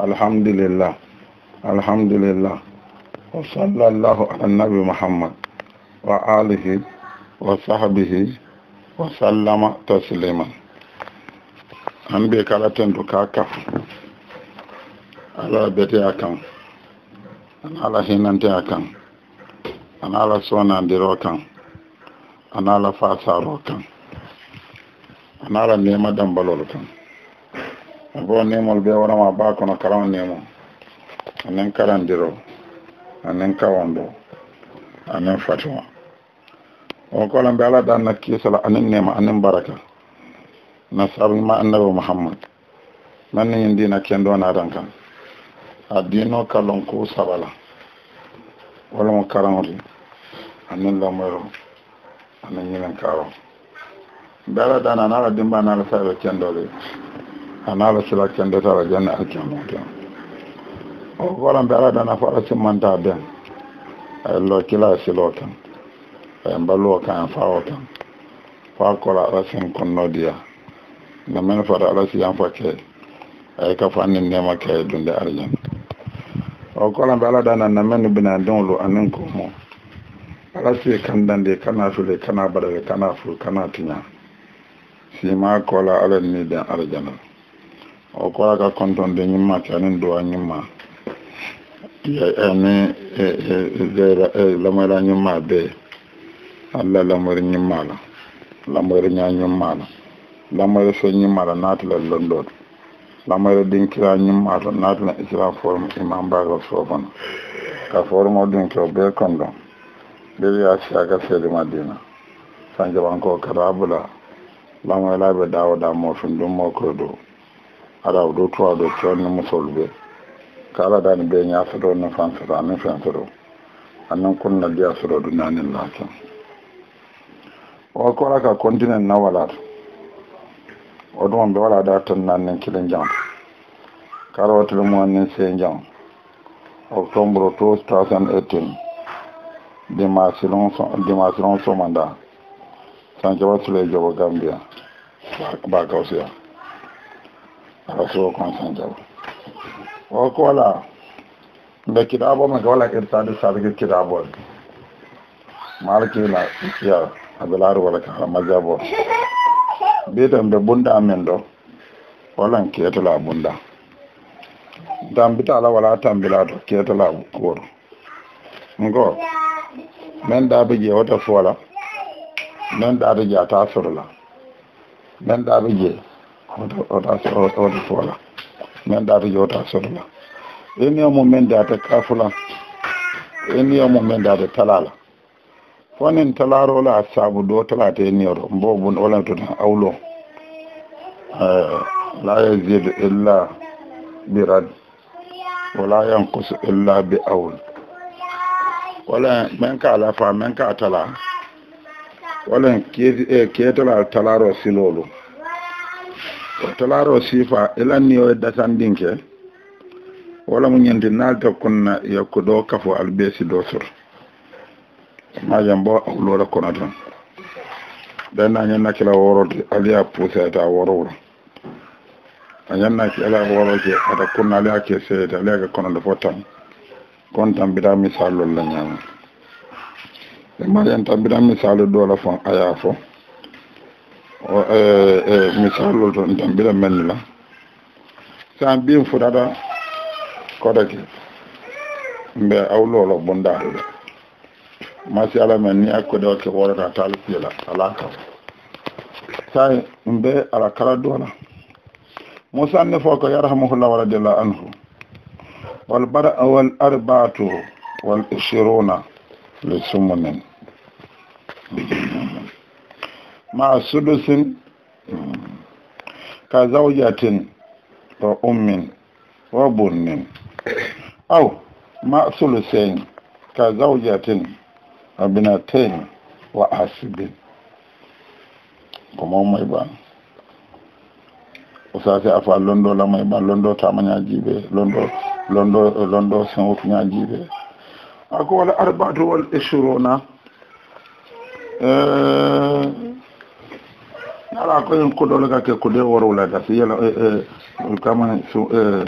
الحمد لله الحمد لله وصلى الله على النبي محمد وآله وصحبه وسلم تسليما an bai karatun an ala hinante a an ala sonandiro kan an ala fasaro kan an ala nema dambalol kan bo nemol be warama ba kono karama nemo anen karandiro anen kawando anen fatima o kola mbe ala danna kisala anen nema anen baraka na sabima annabi mouhammad manni ñin dina kendo natan kan a dino kallon ku sabala wala mo karanoti anen lamoyro anen ñinen karo mbe ala dana nala dimba nala sabe kendole anaala sila kendetara janna alkiyamoto o waran ɓe araɗa nafa a yi ben kila a silo kan ay mballuwo kan en fawo kan fa kola ala sin konnodiya nde fara ala ara siyan fa a yi e ka ni ndema key ɗumde arjan o kola ɓe alaɗa nan na men bina dewlu anin ko mo ala si e kandande kana fule kana baɗale kana fu kana tiña sima kola ala ni den jana. okwara ka kondom dị enyi mma chọrọ ndụ anyị e, mma e, ani e, lamara anyị mma be ala lamara anyị mma ala lamara anyị anyị mma ala lamara so anyị mma ala na atụla london lamara dị nkiri anyị mma ala na atụla israel forum imam bagro sọfọn ka forum ọ dị nke ọbịa kondom dịrị ya si aga sị dị ma dị na sanjaba nke ọkara abụla lamara abịa dawụda ma ofe ndụ mma ọkọ ala o do tuwa do conni musol be kala dan be nya do no fan sodo anin fan sodo annan na dia sodo dunanin lakin o kora ka kontinent na wala o ɗum be wala da tan nannen kilen jam kala mo an annen se jam octobre 2018 dimasilon somanda sanke le jogo gambia ba kawsiya aɗa sowa conscience aw o ko wala nde kiɗaabo men ko wala hertade sarge kiɗaabode malkina ya aɓe laaru wala ka ala majjabo mbiyeten ɓe bunɗa men ɗo walan keetola bunɗa dambita ala wala tambilaato keetola kooru ngo men ɗaɓe jee wota foola men ɗaɓe jee ata sorla men ɗaɓe jee da ta oɗa toola min ɗata jowta sodola eniyo mum min ta kafula eniyo mum min date talala fonin talarola saabu ɗo talata eniyoro mbo bon olamtoɗa awlo eh, la yasidu illa bi rad wala yankusu illa bi awl wala min ka ala fa min ka tala wala ketala eh, talaro silolu to laaroo siifa elanni yo e datandinke wala mu ñanti naalta konna yokku ɗo kafo albeesi ɗo sor majam bo awloola kono tan dana ñannakila worote aliya puuseeta worowra a ñannaki ala worote ata kunna aliya ke seyete aliyaka konode fo tan kon tambita misalol la ñaama e majam tambita misalu ɗo la fon aya fo misalol ton jambiɗa mennila san ɓin futata kodake mbe awlolo bondaɗuɗe masi ala men ni akkude okke worata la ala kam say mbe ala kala dola mo sanne fo ko yarhamuhullah waradiallah anhu wal bara wal arbatu wal ishiruna li sumunin maa sudusin ka zaujatin o ummin wa bunnin aw maa sulusain ka zaujatin wa binatain wa asibin ko mo may ban o sasi a fa londo la may ban londo tamañajiɓe londo londo londo sewotuñajiɓe ako wala arbatu wal ishuruna eh, ala ko en kuɗole kake kude worwulata so yela kamane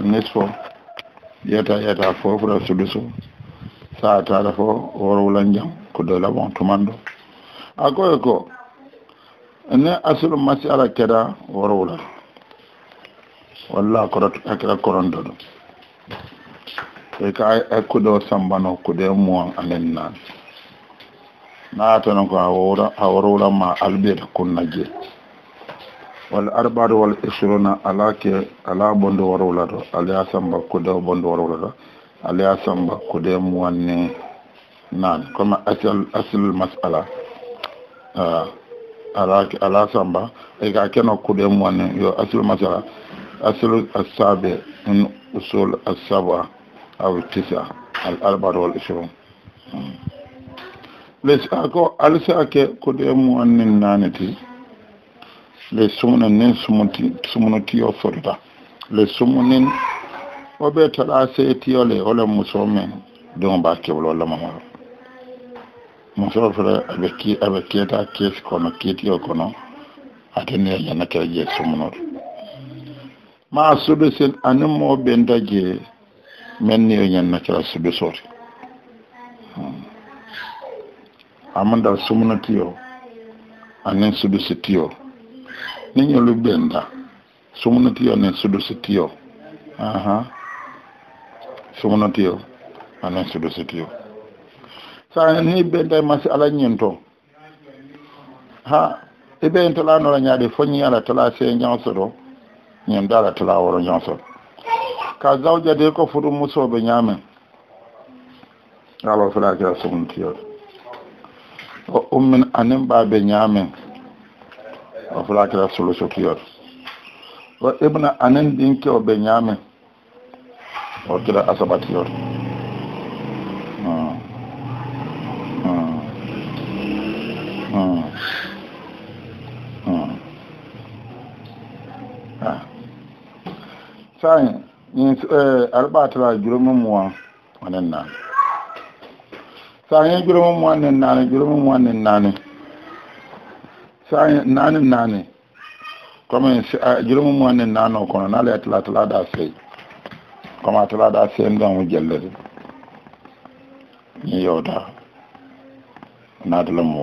nes fo yeta yeta foo fota suluso sa tata fo worwula jam kuɗole bon tumando a koye ko e ne asulu masi ala keɗa worwula walla korot akira koronto ɗo e ka a kuɗo sambano kuɗe muwan anen naan na atanon ko a worwula ma albeta kunna je wal arbaru wal isruna ala ke ala bondo warola do ala samba kude bondo warola do ala samba kude muwanne nan kama asal asal mas'ala ah, ala ala samba e ka keno kude muwanne yo asal mas'ala asal asabe min usul asaba aw tisa al arbaru wal isrun hmm. lesa ko alsa ke kude muwanne nanati le sumuna nin sumunukiyo forita le sumunin o ɓe tala seetiyo le ole muso men don ba kewlo lamamoyo muso fere aɓe aɓe keeta keesi kono keetiyo kono atene yana kere je sumunoto ma sudusin anin mo ɓenda je men ni yo yana kera sudusote hmm. amanda sumunotiyo anin sudusi tiyo niñolu ɓenda sumunatiyo nen sudusitiyo aha sumunatiyo anen sudusitiyo saa ni ɓenda masi ala ñinto ha e ɓen talanola ñaade foñi ala tala see ñawsoto ñin dala tala woro ñawsoto ka zawjade ko fuɗu musoɓe ñamen alo filakira sumunatiyoɗo o ummin anin ɓaɓe ñamen o fula kɛra solosokiyɔr wa e bɛna ani denkɛ o bɛ ɲaami o kɛra asabatiyɔr sai arbatara girman muwa wannan na sai girman muwa nan na girman muwa one, na ne naani naani comme juróomi mu ne naanoo kono n'ale ye tila tila daa sey comme a tila daa sey nga mu jelle de ni yow daa naata la mu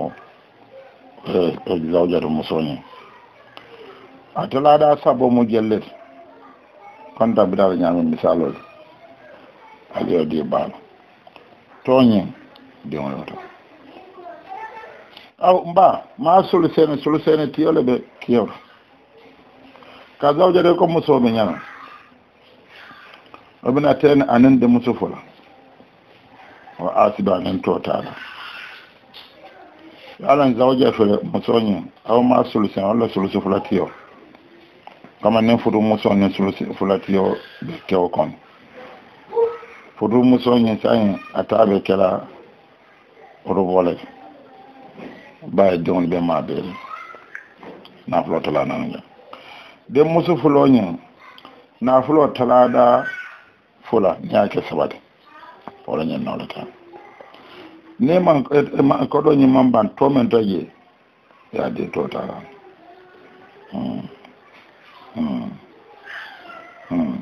o gisaw jata musoo ñi a tila daa sabo mu jelle de kon tabi daa la ñaami misaaloo de ali yoo di baala aw mba ma sulu sene sulu sene tiyole be kiyor ka zawje de ko muso be nyana obina ten anan de muso fola wa asiba nan to tala yalan zawje fele muso nyi aw ma sulu sene wala sulu fola tiyo kama ne fudu muso ne sulu fola tiyo be kewo kon fudu muso nyi sai atabe kala rubo le baye jogni ɓe ma ɓeni nafulo tala nan ga den musu fuloñin nafulo talaɗa fula ñake sabate wala ñen nawlata ne man e, e, koɗoñin man ban to men taƴe ya de to tara hmm. hmm. hmm.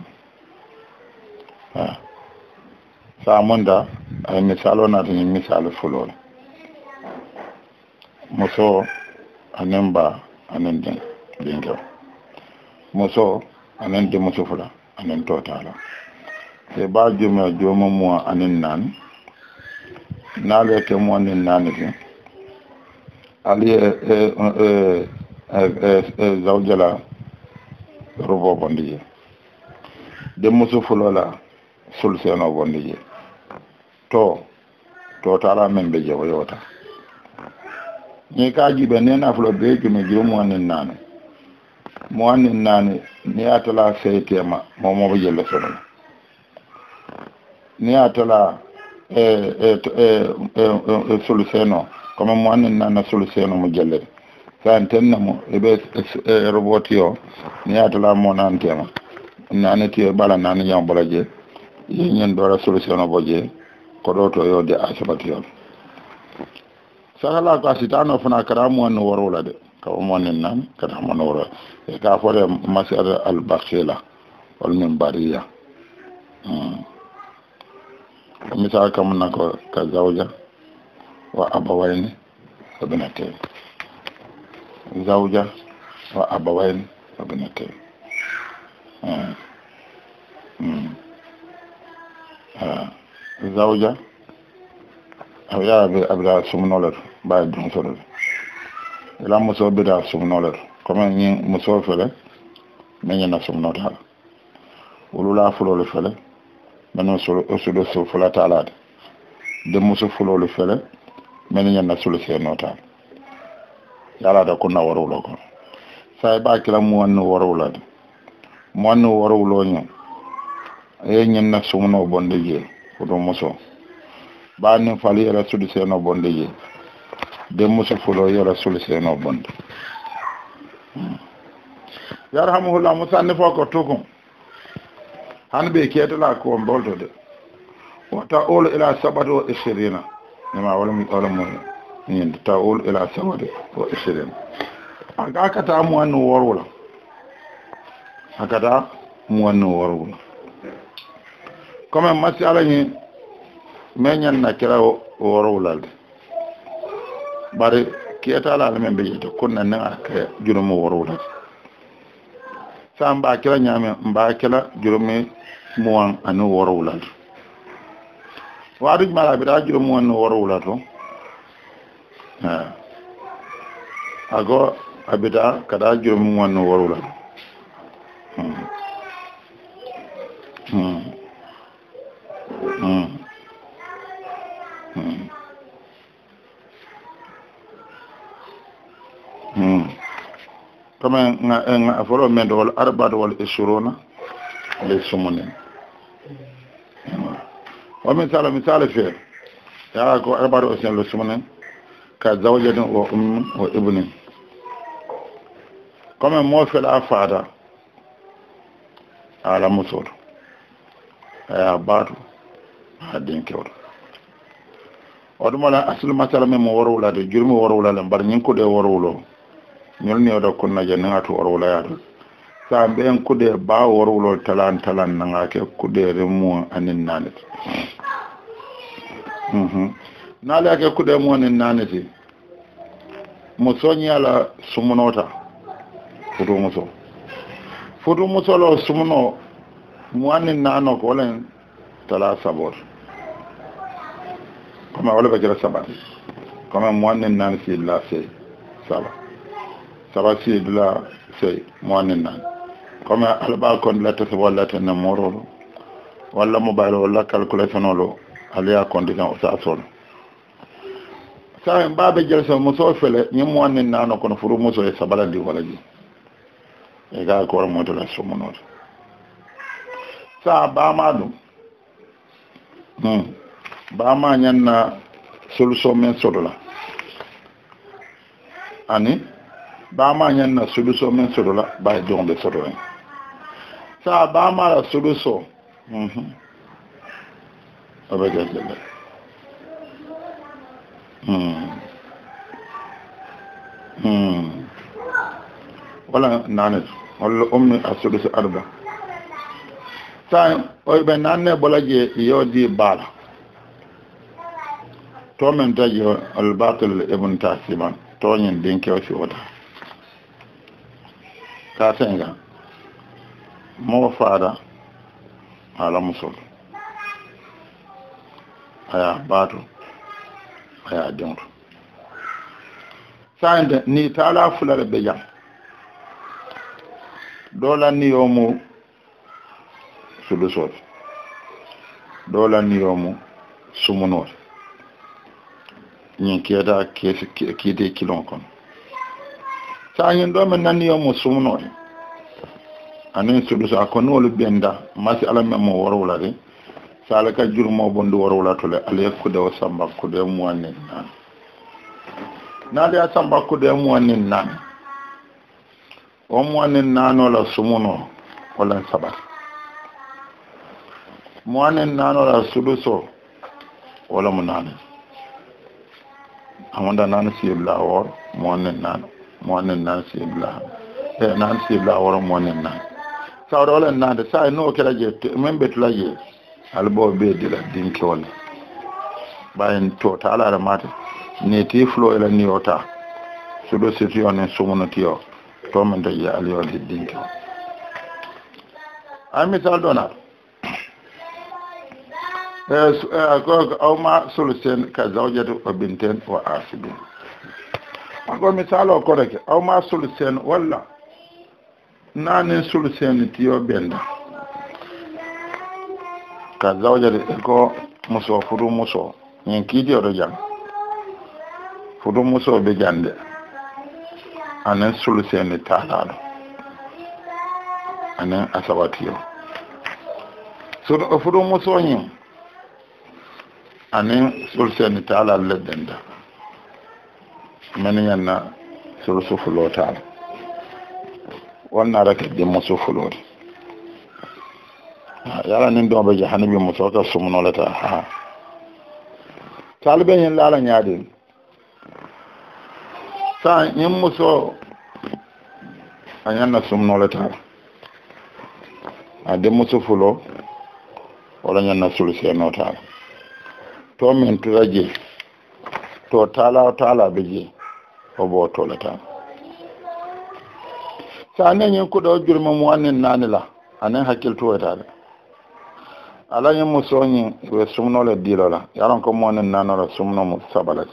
sa munda ay misalo natañin misalo fulole muso anen ba anen den bingew muso anen de muso fula anen totala te ba jume joma mua anen nani nale ke mua anen nani fi aliye e e e e, e, e zawjala rubo bondiye de muso fula la sulseno bondiye to totala men be jewo yota ni ka jiɓe nen afla be jume jo muwannin naane muwannin naane ni atala seytema momoɓe jelle sonoma ni atala e, e, e, e solucéno comme muwannin naane solucéno mo jelle san tenna mo eɓe roboti o ni atala mo nanetema nane tiyo ɓala nane jam bola je yeñen ɗora solucéno bo je ko ɗo to yo de asabatiyol sagala ko asitano fana karamu an waro la de ka o monen nan karamu an waro e ka fore masar al bakhila wal min bariya misal kam na ko ka zawja wa abawayn wa binatayn zawja wa abawayn wa binatayn zawja أو يا أبي أبي سمنولر ba dun soro ila muso be da sum no le comme ni muso fele me ni na sum no ta wulula fulo le fele meno solo osudo so fula ta de muso fulo le fele me ni na sulu se no ta yala da kunna waro lo ko sai ba kila mu wannu waro la mu wannu waro lo nyu e nyen na sum no bonde je ko do muso ba ni fali era sudu se no bonde je ben musu folo yo rasul seno bonde hmm. yarhamuhullah musa ne fo ko tukun han be ketala ko bolto de wata ol ila sabato wa ishirina ma wala mu wala mu ni ta ol ila sabato wa ishirina aga ta mu wannan warwala ta mu wannan warwala kuma masala ne menyan na kira warwala de bari ki etala la men be yito kun nan nan ak jurum woro wala sa mba kila nyame mba kila jurum mo an anu woro wala waru mala bi da jurum won no woro wala to ha ago abida kada jurum won no woro wala hmm hmm kamen nga nga foro mende wala arbaade wala e surona le sumunen o misala misala feere yaa ko arbaade o sen le sumunen ka zawjaden o ummu o ibnin comen moofela faada ala musoto aya baatu ha din kewto o ɗumala aslu masala men mo worowulade jurmi worowulalen mbaɗa ñinkude e worowulo o ñol ne da kunna je nanga to orwula ya to san ben kude ba orwulo talan talan nanga ke kude remu anin nanit mhm na la ke kude mu anin nanit musonya la sumunota fudu muso fudu muso lo sumuno mu anin nano ko len tala sabor kama wala bajira sabati kama mu anin nanit la se saba saba siidula sey moani nan comme alaba kon letta so wallata ne morolo walla mobile wala calculation olo aliya condition o sasolo sahe mbaɓe jelso muso fele ñin moanni nano kono furu muso e sabalandi wala ji e ga ko wara motola somonoto sa bama ɗum hmm. bama ñanna solution men sodola ani bama ñanna solution men sotola ɓay jonde sotolen sa bamala solution aɓe gellele hmm. hmm. wala nanet walla ummi a soluso arba sa oɓe nanne ɓolaje yewdi baala to men taji albatul ibne tasiman toñen ɗin kewsi wota tatenga mo faada ala musol a ye a baato a ye a diŋo to sayinte niŋ taalaa fula le be jaŋ doo la niŋ yo mu sulusoo ti la niŋ yo mu sumunoo ti ñiŋ kono sahin do men nanni yo mo sumno ni ani sudu sa ko no lu benda masi ala me mo woro la de sala ka jur mo bondu woro la tole ale ko do samba ko de mo wannen nan na de samba ko de mo wannen nan o mo na nan la sumuno wala sabar mo wannen nan la sudu so wala mo nan amanda nan la wor mo wannen nan monin nan sibla e nan sibla woro monin nan sawra wala nan da sai no kira je men betula je albo be dila din tole bayan to ta ala mata ne ti flo ila ni ota su do se ti onen so mona ti o to men de ya ali de din to mi sal dona eh uh, ko ma solution ka zawjatu wa binten wa asibin ako misalo koreke aw ma sulu sen walla nanin sulu seni tiyo benda ka zawjade ko muso fudu muso ñin kiiti oto jang fudu muso be jande anen sulu seni taataɗo anen asabatiyo fudu muso ñin anen sulu seni taalal leddenda maniganna soro sufulo taala wonnaata kadi dimmo sufulode ah, yala nin ɗoɓe jahani bimmo soka sumnolata ha taalibe hen laala ñaaɗel sa ñimmo so a ñanna sumnole taala a dimmo sufulo oɗo ñanna suluseno taala to min tura jee to taala taala ɓe jee o ta tole tan so anañin kuɗo jurma nanila annin nani la anen hakkiltuwoytade alañin mu soñi ɓe sumnole sumnola dilola yaron ko monin nanola sumnomu sabalati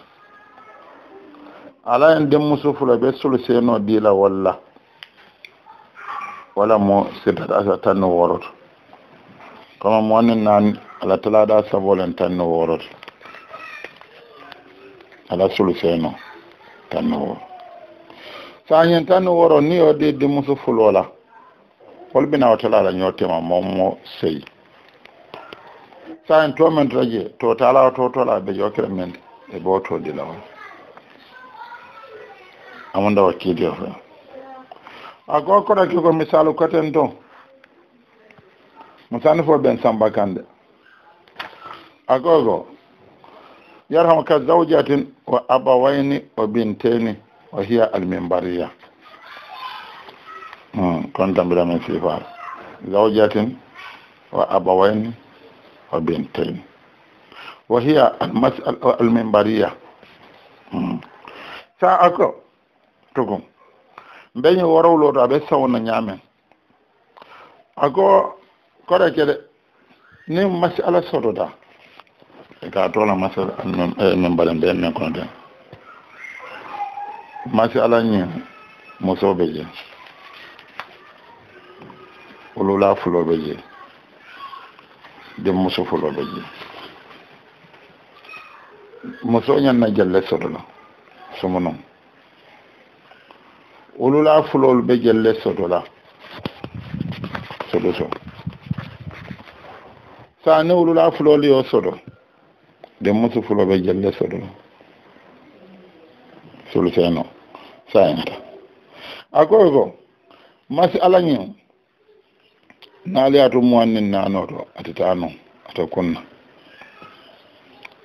ala en musu fula ɓe sulu no diila walla wala mo sirdata asa tan no woroto kono mo nan nani ala tala da en tan no woroto ala sulu no tanno woro sañen tanno woro ni o deddi musu fulola holɓina watalaala ñootema mommo seyi sañen to men toje to talawa to tola ɓe jokira men e bo to dilawol amunda wakkidi ya fe a ko koɗake ko misalu koten to musani fo ɓen samba kande a gogo yarhamuka zawjatin wa abawaini wa bintaini wa hiya almimbariya hmm, kon tambiramen sifar zawjatin wa abawaini wa bintaini wa hiya almimbariya hmm. sa ako tugum mbeñi worowloto aɓe sawna ñamen ako koɗa kede ni masala sotoda ka tola masa min eh, balan da min kono den masi ala nyi muso be je olula fulo be je de muso fulo be muso nyan na jalle la, sumuno olula fulo be jalle sodola sodo so sa ne olula fulo le yo sodo dem musu fulo be jelle soɗo soluteno sayinta a ko masi alañin naaliyatu muwannin nanoto atita non ata kunna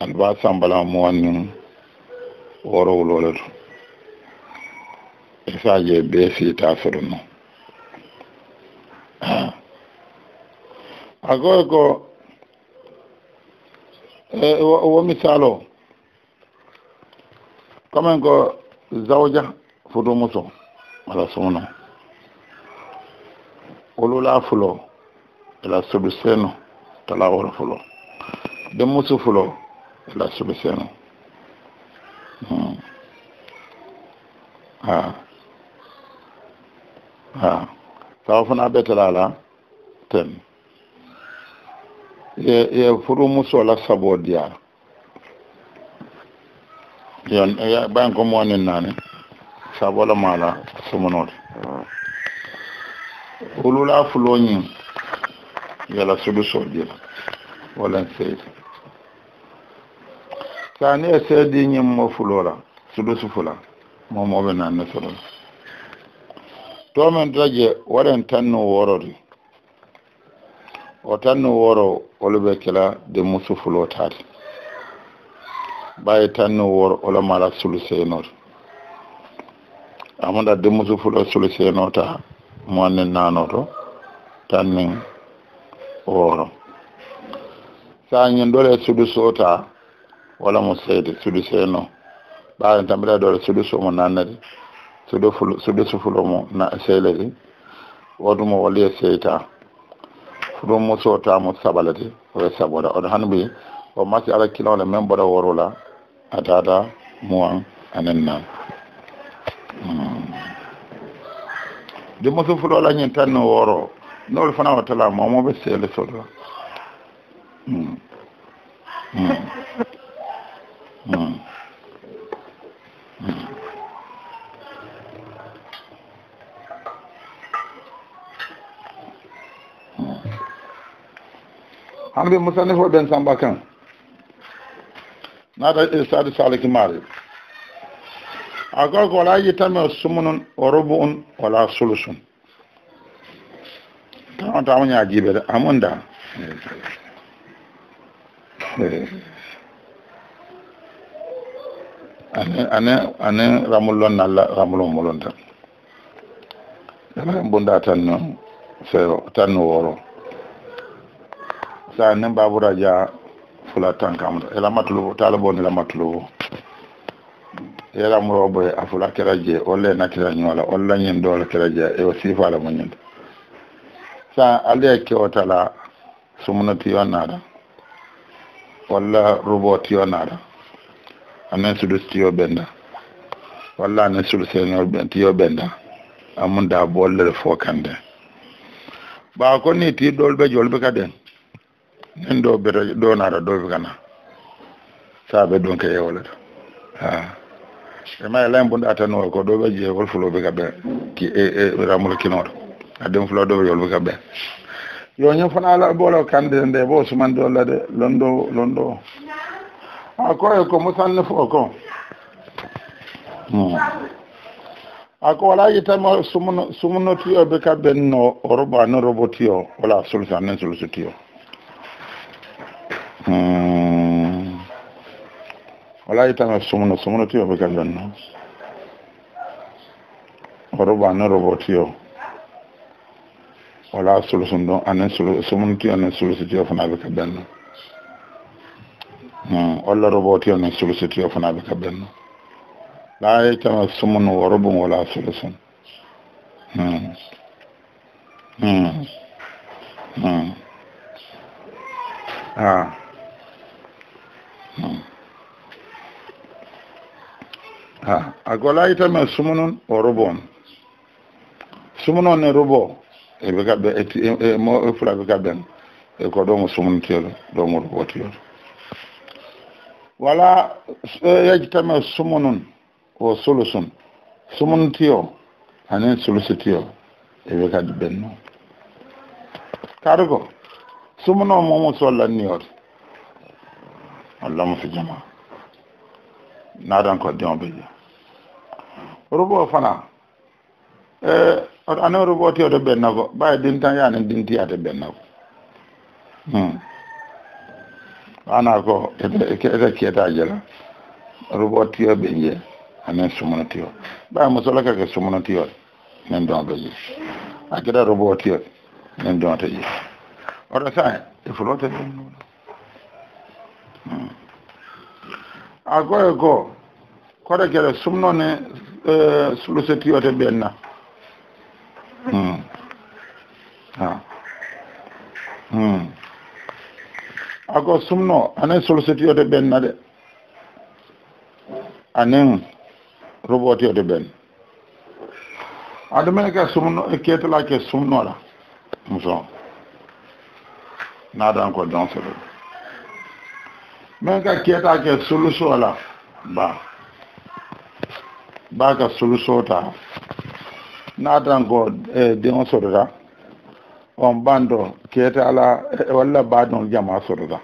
alba sambalama muwannin woro wulole sa je saje ta ta soɗo non a ko Eh, wo misalo kamen ko zawja fudu muso ala sumno olula fulo ila subi seno tala wala fulo de musu fulo ila subi seno hmm. ha ha sawa fana betala la ten ye furumuso la sabo diya ya ban ko mo ni nan sabo la mala sumunot ulula fuloni yala sudu sodiya wala sey tani e seydi ñim mo fulola sudu sufula nan ne solo to men daje waren tan no worori o tan no woro oloɓe kela de musufulotaade ɓaye tan no woro olo mala suluseenoto amoɗa de musufulo suluseenota moanne nanoto tan nin woro sa ñinɗole sulusota wala mo seede suluseeno ɓaawen tan ɓeɗa ɗole sulusu mo nannade sulusufulo mo sehledi wodumo wali e seytan fudun muso ta mu sabalati o ye saboda o hannu bi o masi ala kilaw le min worola woro la a taata muwan ani na mm. denmuso fɔlɔ la ɲin tan ni wɔɔrɔ n'olu fana wa tala mɔmɔ bɛ seli e sɔrɔ Mm. mm. mm. hande musani ho ɓen samba kan nada e sadi salaki maari a gorko wala yitame sumunon o robo on wala solution tawantama ñajiɓede amon da eh. ane ane ramulon nalla ramulo molonta ɗa bunda tan no fewo tan no woro sa nin babura ja fula tan kamɗo ela matlubo taalabo nela matlubo yala muro boy a fula kira je na kira ñoola olla ñin doola kiraje je ewo sifaala mo ñinde sa ala ye kewo tala sumuna tiyo naata walla rubo tiyo naata anen sudus tiyo benda walla anen sulu senior tiyo benda amun bolle bollere fo kande ɓaa ko ni ti ɗol ɓe kaden min ɗo beto donaɗo ɗofi kana saɓe ɗon ke yewle to a e ma e lain bunɗa tanoy ko ɗo ɓe jeewol fulofi ka ɓe ki e, e, ramol kinoɗo adin fulo ɗo yolfi ka ɓe yo ñofona ɓolo kandide nde bo sumandi olla de londo londo o a koye ko musanni fo ko a ko hmm. wala yitama sumno sumno tuyo ɓe ka ɓenno robo ani robo tuyo wala solution anin solution tuyo Hmm. wala yitama sumuno sumuno tiyo ɓe kallon no roba no robo tiyo wala sulusun ɗon anen sumuno tiyo anen sulusu tiyo fana ɓe kabben no hmm. walla robo tiyo anen sulusu tiyo fana ɓe kabben no la yitama sumuno wo robum wala sulusun hmm. ah ha agola ita mai sumunun o rubon sumunon ne rubo e be ka be e mo e fura be ka ben e ko do mo sumun tiyo do mo rubo tiyo wala ya e, e ita mai sumunun o sulusun sumun tiyo anen sulusu tiyo e be ka ben no kargo sumunon mo mo so ni ori walla muso jama naɗan koddiŋo ɓe je rubo fana oto eh, anin rubo ti oto ɓenna ko ɓaye din tan yanin din ti ate ɓenna ko hmm. ana ko ete kiyata jela rubo tiyo ɓe je anin sumuno tiyo ɓaye musola kake sumuno tiyo nin don ɓe je a kira rubo tiyo nin don to je oto sa e fulote ɗum agoye goo koɗa kere sumnone suluso t i o t e b e n n a ago sumno anen suluso t i o t e b e n n a anen robot t i o t e b e n n a a d e m e n e ke sumno E ketala ke sumnoɗa muso naɗan ko don seɗoɗo men ka keta ke soluso la ba ba ka soluso ta natan ko diŋo sotota on bando keta ala walla baadon jama sotota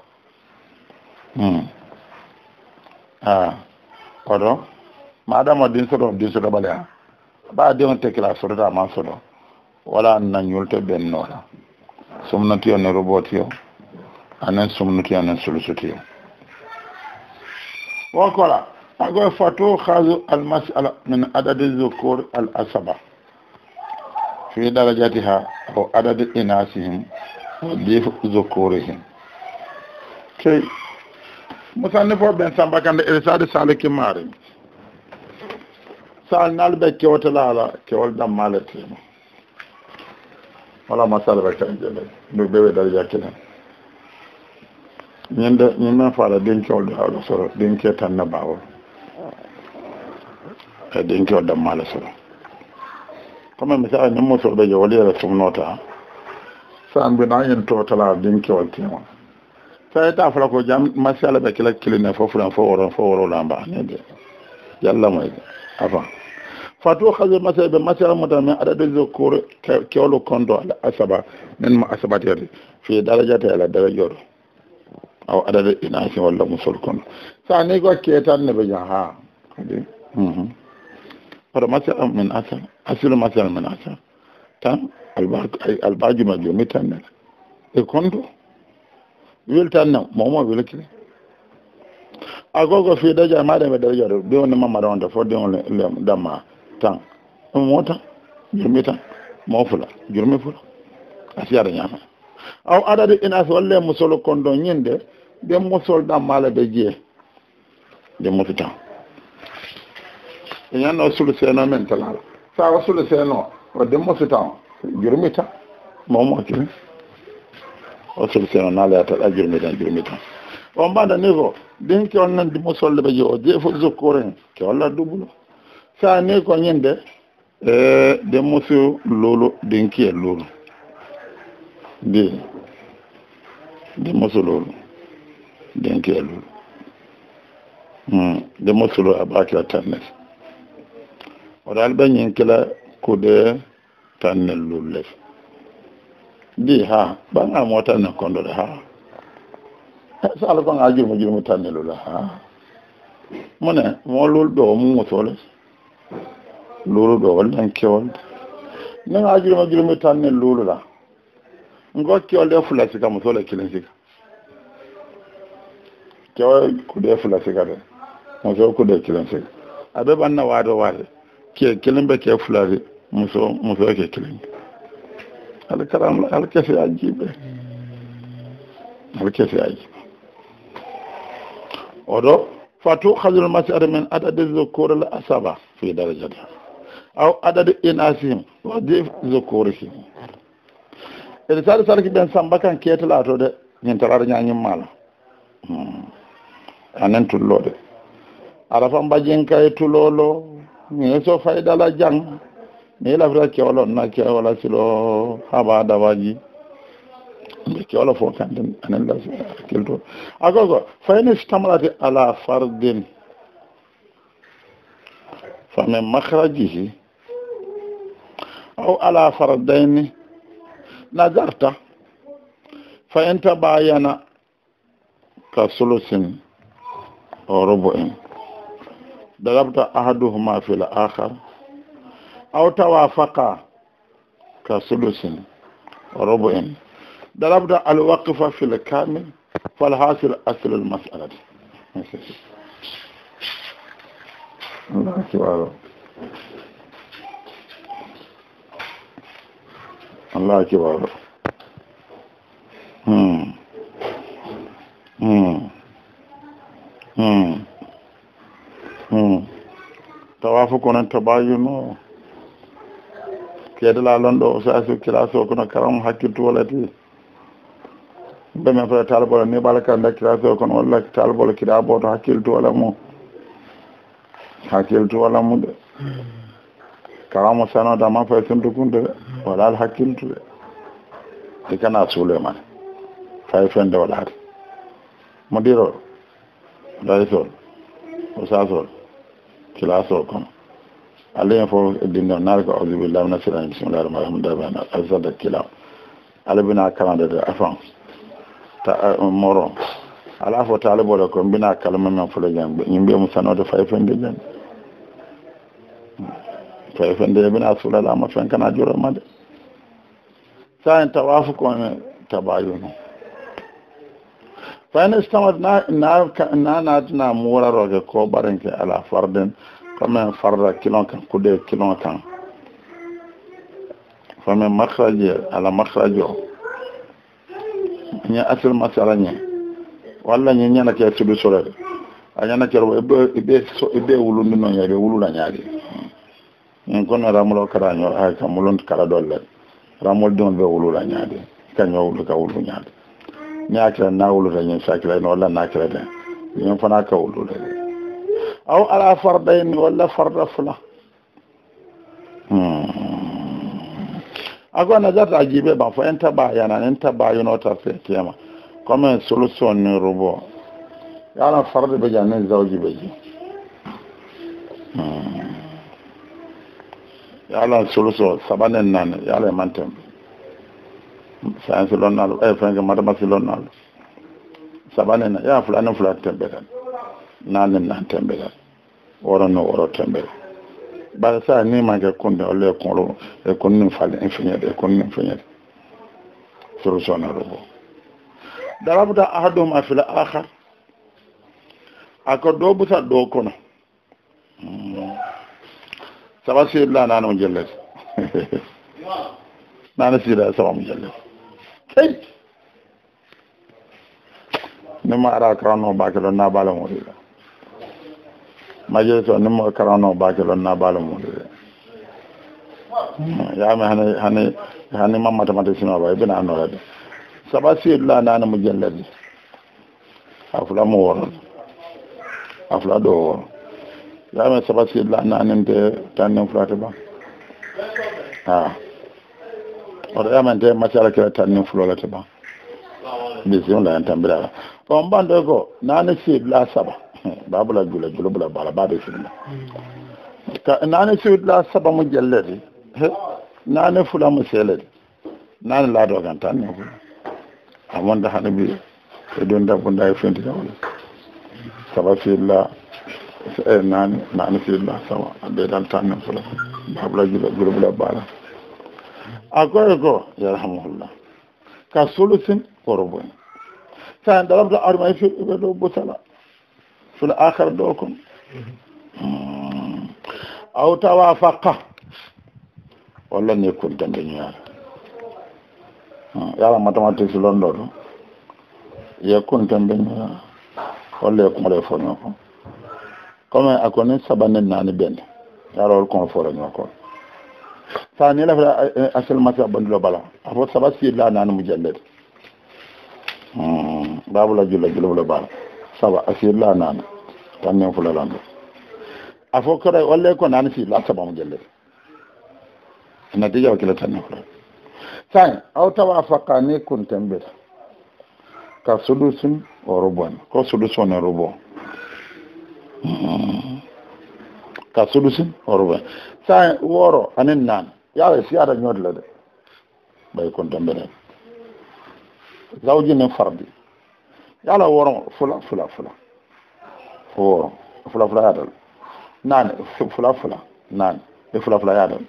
a koto maadama din soto din soto bale a baa diŋo tekila sotota ma soto wala na ñulte ben noola sumnatiyo ni robotiyo anen sumnatiyo anen solusotiyo وقال أقول فتوخذ المسألة من عدد الذكور الأسبة في درجتها أو عدد إناثهم وضيف ذكورهم كي مصنف بن سامبا كان إرسال سالك ماري سال نال بك وتلالا كول دم مالتهم ولا مسألة بك نجلي نبي درجة كده ñinde ñin men faala dénkiol de awlo soro dénke tan na baawol eh, e dénkiol dammaala soro quand même sa nem mosoɓe jo wol yere sumnota san mbina yen totala dénkiol tiwa sa yetta fala ko jam masala ɓe kila kiline fofulen fo woron fo worola mbaane de yallamoy e de avant fatuo xaje masala ɓe masala mota men aɗa de jocour kewlo condo ala asaba men mo asabatede fi daradiatee ala daradioro aw aɗa reɗɗinaaki walla musol kono so a nii gokke e tan ne ɓe jaa haa kadi hoto mhm. masala min asal asilu masala min asal tan albaaji ma jomi tan nele e konto wel tan ne e momo welkire a gogo fii daja maɗe ɓe daja ɗo ɗi ne mamaronta fof ɗile damma tan ɗum mo tan jurmi tan mo fula jurmi fula asiyata ñaama aw aɗa reɗɗinaaki walla musolo kondo ñinde den musol ɗan mala ɓe jee nde mututan e ñanno sulu seeno men talala sawa sulu seeno o den mututan jurmita momo kiri o sulu seeno nalayataɗa jurmitan jurmitan on mbaɗa niveau ɗin ke on nandi musolle ɓe jee o jee fo zokkuren ke walla dubulo sa ni ko ñinde e den musu lulu ɗinki e lulu ndi den musu lulu dentelu hmm de motulo abaki atanel oral ba nyinkela kude tanel lulle di ha ba nga mota na kondo ha sala ko nga jumu jumu tanelu la ha mona mo lul do mu motole lulu do wal nan kewal nga jumu jumu tanelu la ngo kiole fulasi kam sole kilensika kewa kude fula siga dɛ muso kude kelen siga a bɛɛ b'an na waati o waati kɛ kelen bɛ kɛ fila de muso muso kɛ kelen ale karam ale kɛse y'a ji bɛɛ ale kɛse y'a ji o dɔ fatu hajjul masari min adadi zokori la asaba fi daraja da aw adadi inasim wa di zokori si irisari sarki bɛn sanba kan kɛtila a to dɛ ɲin tarar ɲanyin mala hmm. anen tulloɗe ala fa mbajin ka e tulolo mi so faydala jang mi yilafita kewolon na kewola silo haba dawaji mbe kewola fo kande anen la kilto a koko fayne si tamrate ala fardin famin makrajihi aw ala fardaini nazarta fa intabayana ka solosini أو ربع ضربت أحدهما في الآخر أو توافقا كسدس ربع ضربت الوقف في الكامل فالحاصل أصل المسألة الله أكبر الله أكبر Hmm. Hmm. tawaafu konon tabayuno keedala lonɗo sasu kilase o kono karam hakkiltu walati ɓemen fota talbole niɓala kannda kilase o kono walla talbole kiɗaboto hakkiltu wala mu hakkiltu wala mu de karamo sano dama fay sintu kunde de walal hakkiltu de ɗi kana suule mane fay fende walaade mo ɗiro darisol o saasol sasol kilasol kono allah hen fof dinno naare ko ausubillah mina sirani bisimillahi rahmani rahim dabana alsada kilam ala bina kalandede afan ta eh, moro ala fo taala ɓoɗo ko bina kalama mbina kalma men fula jang yimɓe mo sanode fay de jan fay fende mbina suulalama fen kana juramade sa en tawafu kono tabayu no فإن n'a n'a نا ناتنا مورا روجا كو بارنك على فرد كما فرد كيلون كان كودي كيلون كان فمن مخرج على مخرجه ñe asil masala ñe walla ñe ñana ke tudu solere a ñana ke ibe ibe so ibe wulu ni non yabe wulu la ñaade ñen kon ramulo kara ñor ay kam mulon kara dolle ramol don be wulu la ka kaño wulu ka wulu ñaade ni akira na wulu da yin sakira ne wallan na akira da yin fana ka wulu da aw ala fardayn walla farda fula hmm. agwa na zata ajibe ba fo enta ba yana enta ba yana ta fe kema comme solution ni rubo yana farda be jana zawji be ji hmm. yana solution sabanen nan yana mantan science lonnal e eh, fenke matamasi lonnal saɓanena ƴa fula anen fula tembe kan nanen nan tembe kan woro no woro tembere bara sa ni manke kunde olle kolo e konni falle infiñede e konni infiñede e e solution nalo bo darabuta ahadum a fila ahar ako do busat do kono saba sidla nano jellete nana sida sabamu jellete ሰጠኝ። ንማራ ክራኖ ባክሎና ባለሙሉ ማጀቶ ንሞ ክራኖ ባክሎና ባለሙሉ ያም ሀኒ ሀኒ ሀኒ ማማ ተማቴ ሲኖ ባይ ብን አኖረድ ሰባሲ ላ ናነ ሙጀለል አፍላ ሞወር አፍላ ዶወር ያም ሰባሲ ላ ናነ እንደ ታነን ፍራት oɗo yamante matiala kira tannin fulolete ban bisimu la hen tambirala on bande ko nane siwdula saba babula juula julo bula bala babe fiɗuma nane siwdula saba mu jelledi nane fula mu seeledi nane laado kan tannin fula amonda hano mbi e ɗum dabunda e fentigawle saba fiɗula e nane nane siwdula saba a ɓeydal tannin fula babula julo bula bala akoye ko yarhamuhullah ka solution koroboy sa en dalamta armay feƴi ɓe ɗo busala sul akhara ɗo kon hmm. aw tawa faqa walla nekkol dandeñoyala hmm. yala mathématiques londo ɗo yekkun tandeñoya walla yekkumaɗo foñoko comme akoni saɓanen nani ɓende yala wol kon foreñokon ثاني لا أصل ما تبان له بلا أبو سبعة سيلا نان مجلد باب لا جل جل ولا بال سبعة سيلا نان تاني فلا لاند أفو كره ولا يكون نان سيلا سبعة مجلد النتيجة وكلا تاني فلا ثاني أو توافقاني كنت بس كسدس وربع كسدس وربع كسدس وربع ثاني ورو أنا نان yawe si ada ñodle de ɓay kon dembenen zawjine fardi yala woro fula fula fula woro e fula fula yadal nane fula fula nane ɓe fula fula yadal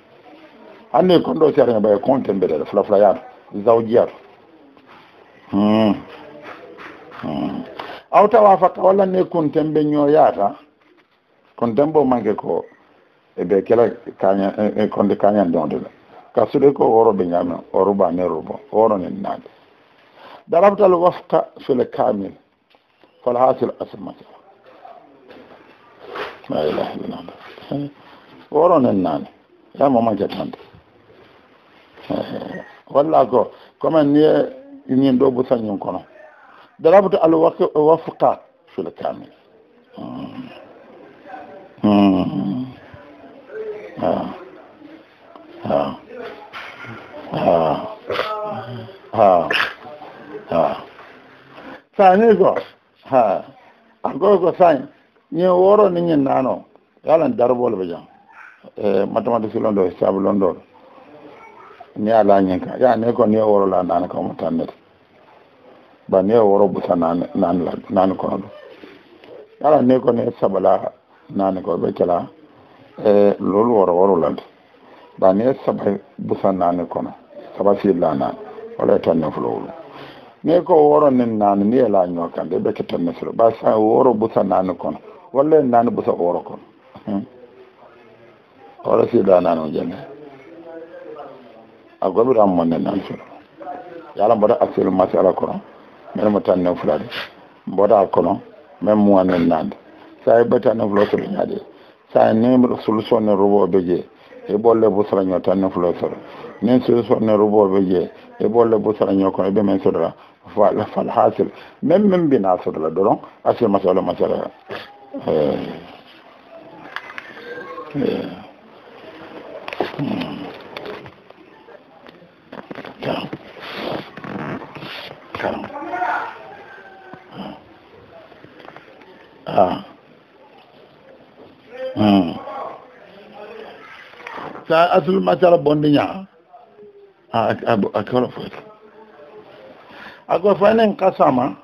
hanni kon ɗo si adaa ɓay kon dembenene e fula fula yaato zawjiyato hmm. hmm. aw tawa fakka walla ni kon tembe ñoyata kon dembo manque ko e ɓe kela kaña e, e konde kañandonde ɗe kasude ko oroɓe ñami o ruba nerrubo oronennade darabtal wafta fele kamil fal hasil asmata lailahilna oronennane yamo maƴatande walla ko comme nie nin ɗo busañum kono darabta al wafka fil kamil hmm. hmm. saniko ankor ko sañ ñin woro ni ñin naano yalan darbol be jam mathématique lon do hisab lon do ni ala ñin ka ya ne ko ni woro la nan ko mo tannet ba ni woro bu sa nan nan la nan ko do yala ne ko ne sabala nan ko be kala e loolu woro woro la de bani e saba busa naani kono saba fiirla naani wala e tenne fulowolu ni ko woro nin naani ni yela ñookande e ɓekke e tenne fulo ba sa woro busa naani kono walla e naani busa ko woro kono hmm? wala fiirla naani o jene a gobiram mo nen naani fulo yala mboɗa asilu masala kono mene mo tenne fula de mboɗa kono men muwa nen naande sa e ɓe tenne fulo sulo ñaade sa ne solution ne robo be je e bolle bu sara nyo tan fulo soro ne solution ne robo be je e bolle bu sara nyo ko e be men sodra fa la fal hasil mem mem bina sodra doron asir masala masala eh eh Tamam. Hmm. Tamam. Ah. ah. sa asul matara bondi nya a kawar fuwa akwai fanin kasa ma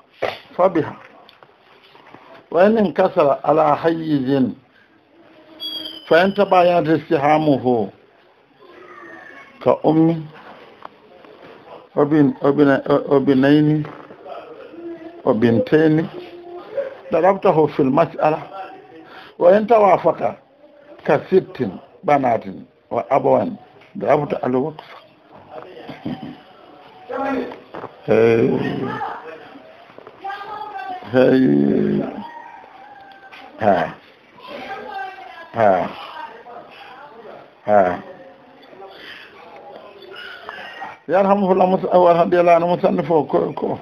fabiha fanin kasar ala hayyizin fahimta bayan ristihamuhu ka ummi obinaini obintaini darabtahu fil mas'ala وين توافقا كستين بنات وأبوان دعوت على الوقف هاي ها ها ها ها يرحمه الله والحمد لله أنا مصنفه كو كو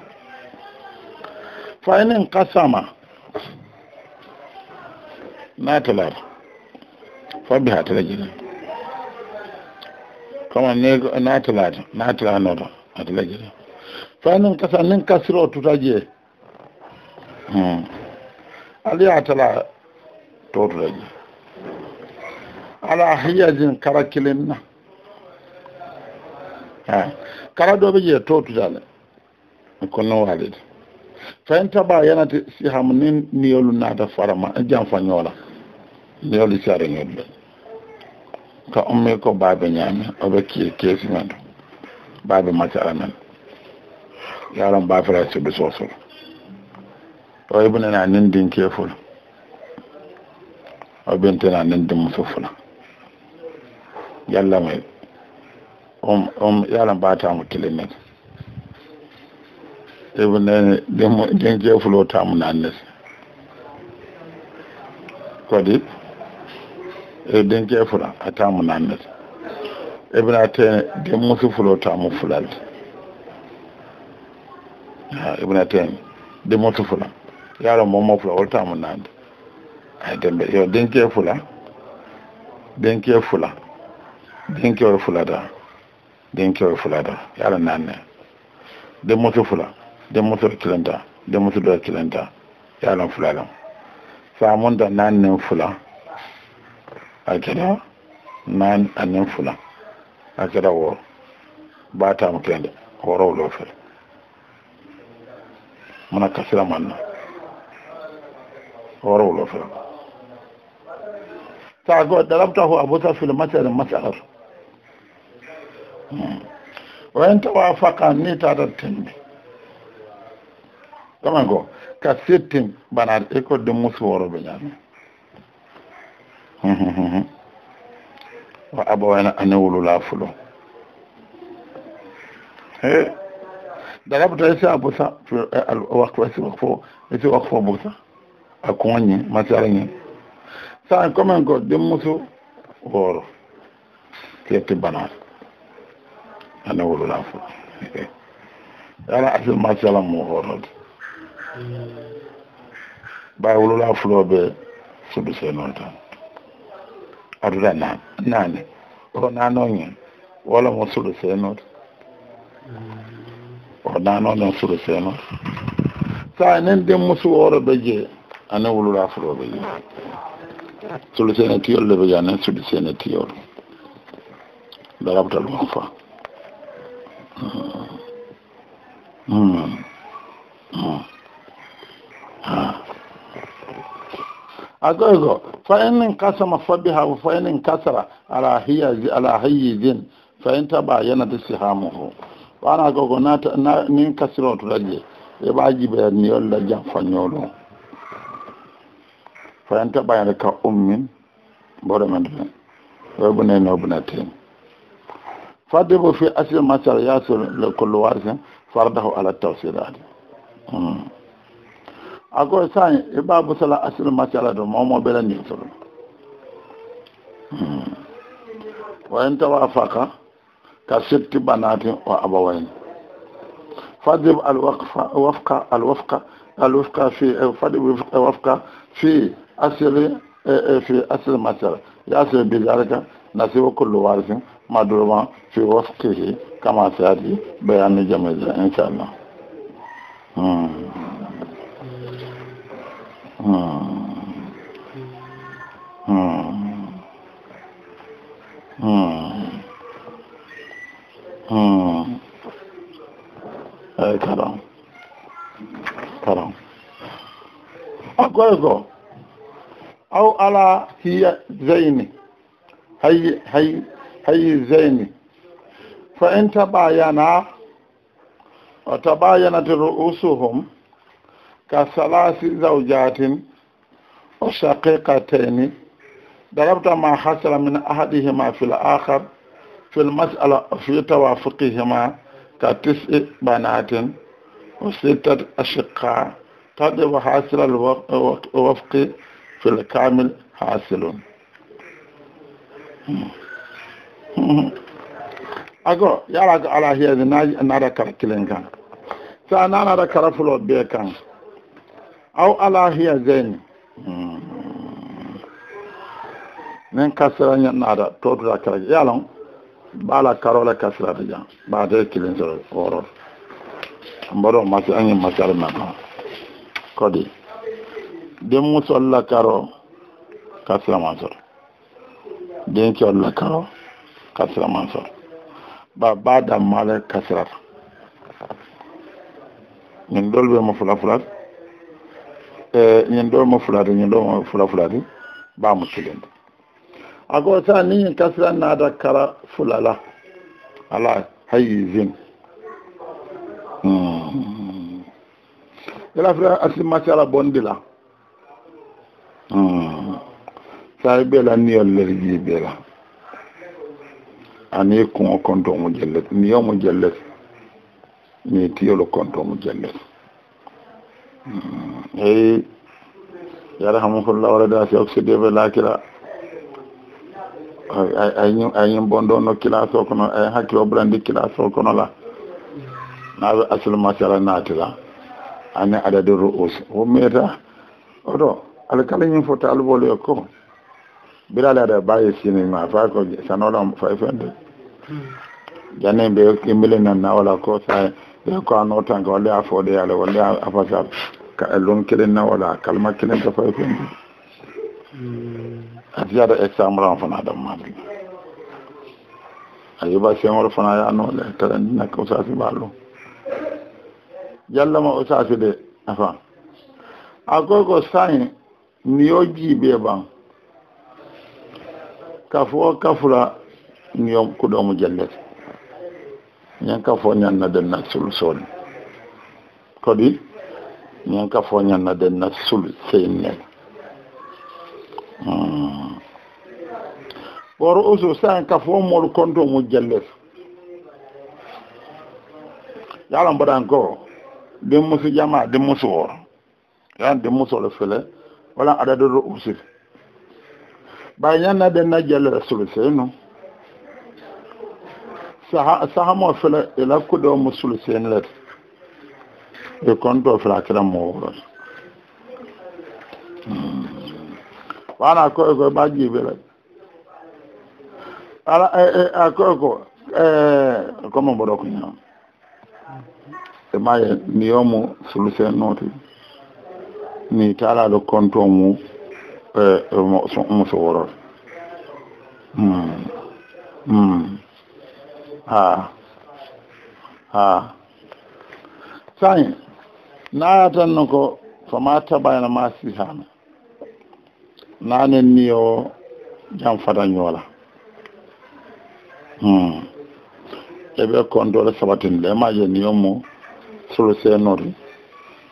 فإن انقسم n'a natalar fabiha ta lagina kama ne natalar natalar nora a ta lagina fanin kasa nin kasiro o tutaje hmm. ali a tala to tutaje ala hiyajin kara kilin na kara dobe je to tutale kono walide fayinta ba yanati sihamu nin niyolu nata farama janfa ñoola yoli sare ñoɓɓe ko ummi ko baabe ñaami oɓe kie keesi men baabe masara men yaron baafira suɓi sosol o ibnana nindin keefol o bentena nindin muso fula yallama um yaron baatamo kile men ibnani ɗin keefulo tamu nannes kadi e denke e fula a tamu namel e bena te de musu fulo tamu fulalde e bena te de musu fula yaro momo fula wol tamu nande ay dembe yo denke e fula denke e fula denke wol e fula da denke wol e fula da yaro nanne de musu fula de musu kilenta de musu do kilenta yaro fula lam faamunda nanne fula a kɛra naani fula akira a kɛra ba ta mu kɛlɛ wɔɔrɔw nɔfɛ mana kasira man ta go da rabta darabtahu abota fil masal masal wa wa tawafaqa ni ta da tambi kama ko ka sitin banar iko de musu woro be nyame wa abawayna ani wulula fulo darabta isi a e, wakfu isi wakfu isi wakfu abusa a nye masara sa'an kuma ko din musu woro ke bana ani wulula fulo yala asi masala mu woro ba wulula aduda nan nane o nanoñen wala mo suɗo senor o nanone suɗo senor sa enen demmo suwo oro ɓe je ane wulura furoɓe je suɗo sene tiyol ɗe ɓe je anen suɗo sene tiyol darabtal mo fa a goy go fa'inin kasa mafabi ha wa fa'inin kasara ala hayyi zin fa'in ta ba yana ta si hamu ho ba na gogo na ta na min ya ba ji bayan niyar da jan fanyolo fa'in ta ba yana ka ummin bora mandala ya bu ne na bu na ta yi fadda bu fi asir masar ya su lakullu warisin fardahu ala tausirari ako san e eh, ba bu sala asir masala do mo mo bela ni to hmm. wa anta wa faka ka sitti banati wa abawain fadib al waqfa wafqa al wafqa al wafqa fi fadib wafqa eh, eh, fi asir في أصل المسألة يأصل بذلك نصيب كل وارث مدروما في وفقه كما سيأتي بيان جميل إن شاء الله. أكوزو اه اه اه أو على هي زيني هي هي هي زيني فإن تباينا وتباينا رؤوسهم كثلاث زوجات وشقيقتين ضربت ما حصل من أحدهما في الآخر في المسألة في توافقهما كتسع بنات وستة أشقاء تضرب حاصل الوفق في الكامل حاصل ago يا ga على هي na انا da karkilin kan انا na na da karafulo be kan au nin kasira ɲɛ naada tɔɔtura kɛra ya lɔn b'a la karo la kasira de jan b'a de kelen sɔrɔ wɔɔrɔ an b'a dɔn masi an ye masari mɛn kan kɔdi den mun sɔrɔ la karo kasira man sɔrɔ den sɔrɔ la karo kasira man sɔrɔ ba b'a da maalɛ kasira la nin dɔli bɛ ma fula fula nin dɔli ma fula de nin dɔli ma fula fula de b'a mu kelen de ako sa ni kasra nada kara fulala ala hayizin yala hmm. fira asimasi ala bondi hmm. la sari bɛɛ la niyɔ lɛrigi bɛɛ la ani kɔngɔ kɔntɔn mu jɛlɛti niyɔ mu jɛlɛti ni tiyɔlu kɔntɔn mu jɛlɛti hmm. ee yarahamukulla wala da fi oxide bɛ lakira ay yim bon ɗono classe o kono ay hakkilo ɓurandi classe o kono la nawe asalu masala naati la ani adade rous wo mieta oɗo alakala yim fo taalubolu yo ko birali ada baye sini ma fa ko sanolam fay e fende jani ɓe kimbilinan nawala ko sa ɓe ko ano tanke walle a fooɗe yaale walle a fasa lun kilin nawala kalma kilinta fay e fende hmm. a fiyata exemple an fana dammadi a yi ba shi yawar fana ya no le tara ni ka o ba lo yalla ma o da de afa a gogo ko sayi ni yo jiibe ɓan kafo o kafula ni yo kuɗomo jallete ñan kafo ñanna den na sul sooni kodi ñan kafo na den na sul seyin nene Ah. ɓoro uso sanka fo moɗo konto mo jallet yala mbaɗanko dimmuso jama dimmuso o yan dimmusoɗo fele wala adadoɗo usi ɓay ñanna ɓe na jallere sule seno saha sahamo fele ila e kuɗo mo sule sen let e konto fela kiran mo worote wana koy koy ba jibe la ala e eh, e eh, a ah, koy ko e eh, komo boro ko nyaa e ma ye ni yomu sulu sen noti ni tala do konto mu e mo so mo so woro hmm hmm ha ah, ha sai na tan ko famata bayna masihana nanen ni o jam fata ñoola hmm. eɓe kontore sabatinde emaje ni o mo solo seenori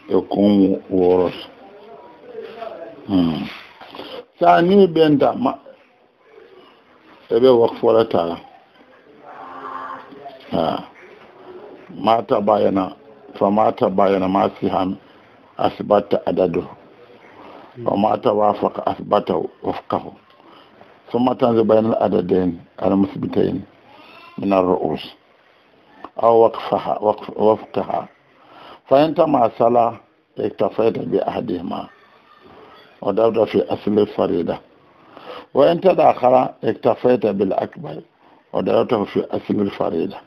e kon worota hmm. sa ni ɓen ma eɓe wakfore tala mata bayana famata bayana masiham asbatta adadu وما توافق أثبته وفقه ثم تنزل بين العددين المثبتين من الرؤوس أو وقفها وقف وفقها فإن تماثل اكتفيت بأحدهما ودود في أصل الفريدة وإن تداخل اكتفيت بالأكبر ودود في أصل الفريدة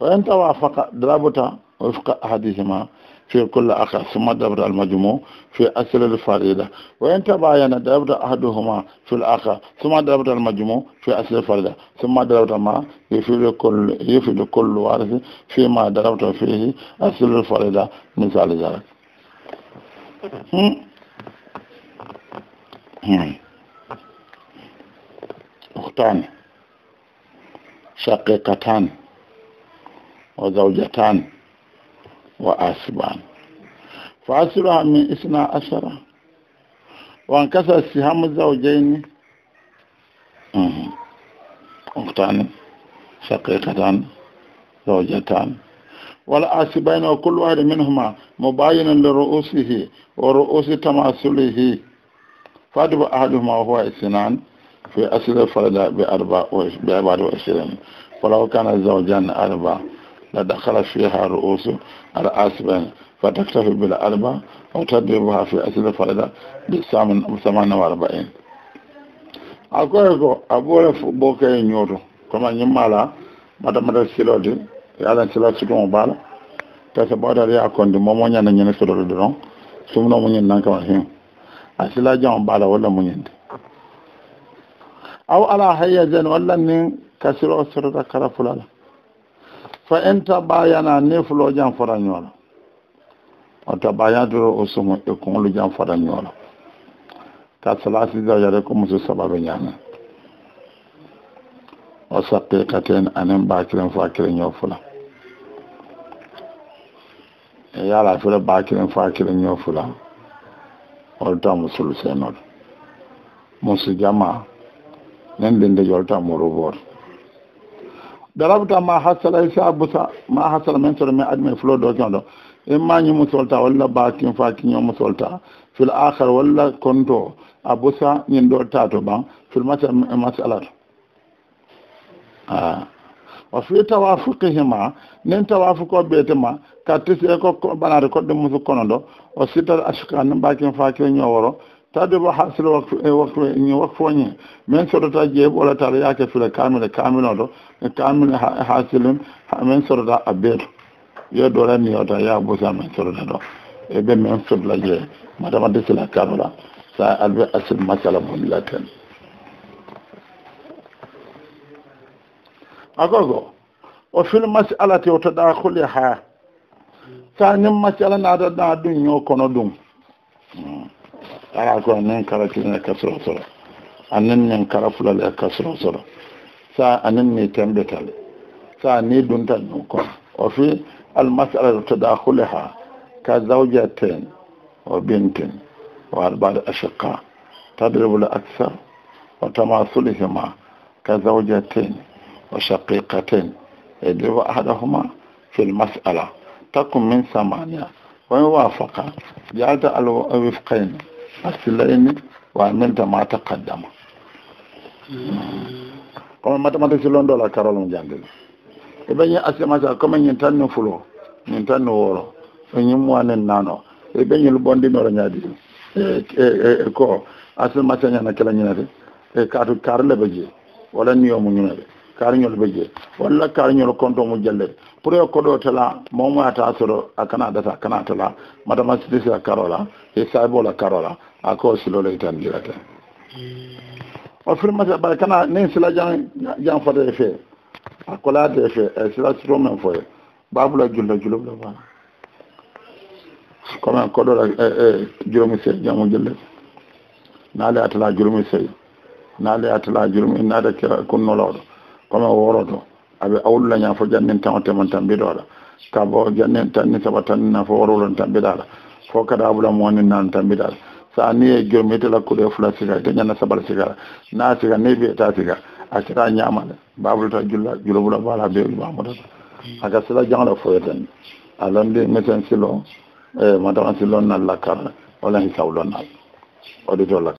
وإن توافق ضربت وفق أحدهما في كل أخر ثم دبر المجموع في أصل الفريدة وإن تباين دبر أحدهما في الآخر ثم دبر المجموع في أصل الفريدة ثم دبر ما يفيد كل يفيد كل وارث فيما دبر فيه أصل الفريدة مثال ذلك أختان شقيقتان وزوجتان وآسبان فأسرها من إثنى عشرة وانكسر السهام الزوجين أختان شقيقتان زوجتان والآسبين وكل واحد منهما مباينا لرؤوسه ورؤوس تماثله فادب أحدهما وهو اثنان في أسر الفرد بأربع وعشرين فلو كان الزوجان أربع لدخل فيها رؤوس العاصبين فتكتفي بالأربع أو تدريبها في أسئلة الفائدة akwai ko yin yoro kuma yin mala mata mata silo di yalan silo su kuma bala ta sa bada ya kondi momo nyana nyana silo don su mun yin nan kama hin a sila jan bala wala mun yin aw ala hayya zan wallan nin kasiro sirra kara fulala fa in na ni fulo jan fara ɲɔgɔn na o tabayana dɔrɔn o sɔngɔ e kunkolo jan fara ɲɔgɔn na ka salati da yɛrɛ ko muso saba bɛ ɲaami e o sape ka kɛ ani ba kelen fa kelen ɲɔ fila e yala fɛrɛ ba kelen fa kelen ɲɔ fila o ta musolu sɛnɔ musu jama ne den de jɔli ta moro bɔri darabta ma hasala e sabusa ma hasala min sore min adimi e flo do jondo en mañi musolta walla ba kin fa kiño musolta fil akhar walla konto a busa ñin ɗo tato ɓan fil masal masalato a wa fi tawafiqihima nin tawafiko ɓeetema ka tise ko banati koɗɗe musu kono ɗo o sittat asuka nin ba kin fa kiño woro tade bo hasilo wakfoñe min sodota jeeɓola tara yaake fila kamile kaminoɗo kamile hasilum min sodota a beeto yo dola niyota ya busa min sodota do e ɓe min sodla jee madama desila kamila sa alɓe asil masala bonila ten agogo o fil masalati o toɗakuli ha sa ni masala naata na ɗum ño kono ɗum aya ko anen kara kilina kasro soro anen nen kara fulale kasro soro sa anen ni tembe tale sa ni dunta no ko o fi al mas'ala tadakhulaha ka zawjatin wa bintin wa arba'at ashqa tadribu al akthar wa tamasulihima ka zawjatin wa shaqiqatin يدرب أحدهما في المسألة تكن من ثمانية وإن وافق جعلت الوفقين asilla en ni wa melta ma taqaddama comme mathématique si loon ɗo la carolom jangel e ɓeñi asimasa comme ñin tanni fulo ñin tanni wooro e ñin moanen nano e ɓeñi lu bon ndimero ñaadi e, e, e, e ko asimasa ñana kela ñinete e kaatu kaare leɓe jee wala niyomu ñumeɓe kaariñol be jee walla kaariñol konto mu jallere pour ye koɗo tala mawmoyata soro a kana data kana tala madama sitisila karola e saybola karola a ko silole itan dirata mm. o firmata bara kana nin sila jan jan fata e fee a kolayata e fee e sila suto men foye babula julle julumle bala comme koɗola e, e, juromi sey jamu jelle naale atala juromi sey naale atala juromi nade kunnolowɗo kono worodo aɓe awlulaña fo jannin tan o teman tan mbiɗoɗa kabo jannin tanni saaba tannina fo worowlan tan mbiɗaɗa fo kadi abulam wonni nan tan mbiɗaɗa sa ni e jomite lakkuɗo e fula siga deñana saabal sigara na siga ni biyeta siga a sira ñamaɗe babuleta julla julobula bala beɓi bamuda aga sira jangla foyetani a landi médecin silo e madaran silo nan lakkar walla hisawlonal auditeur lakkar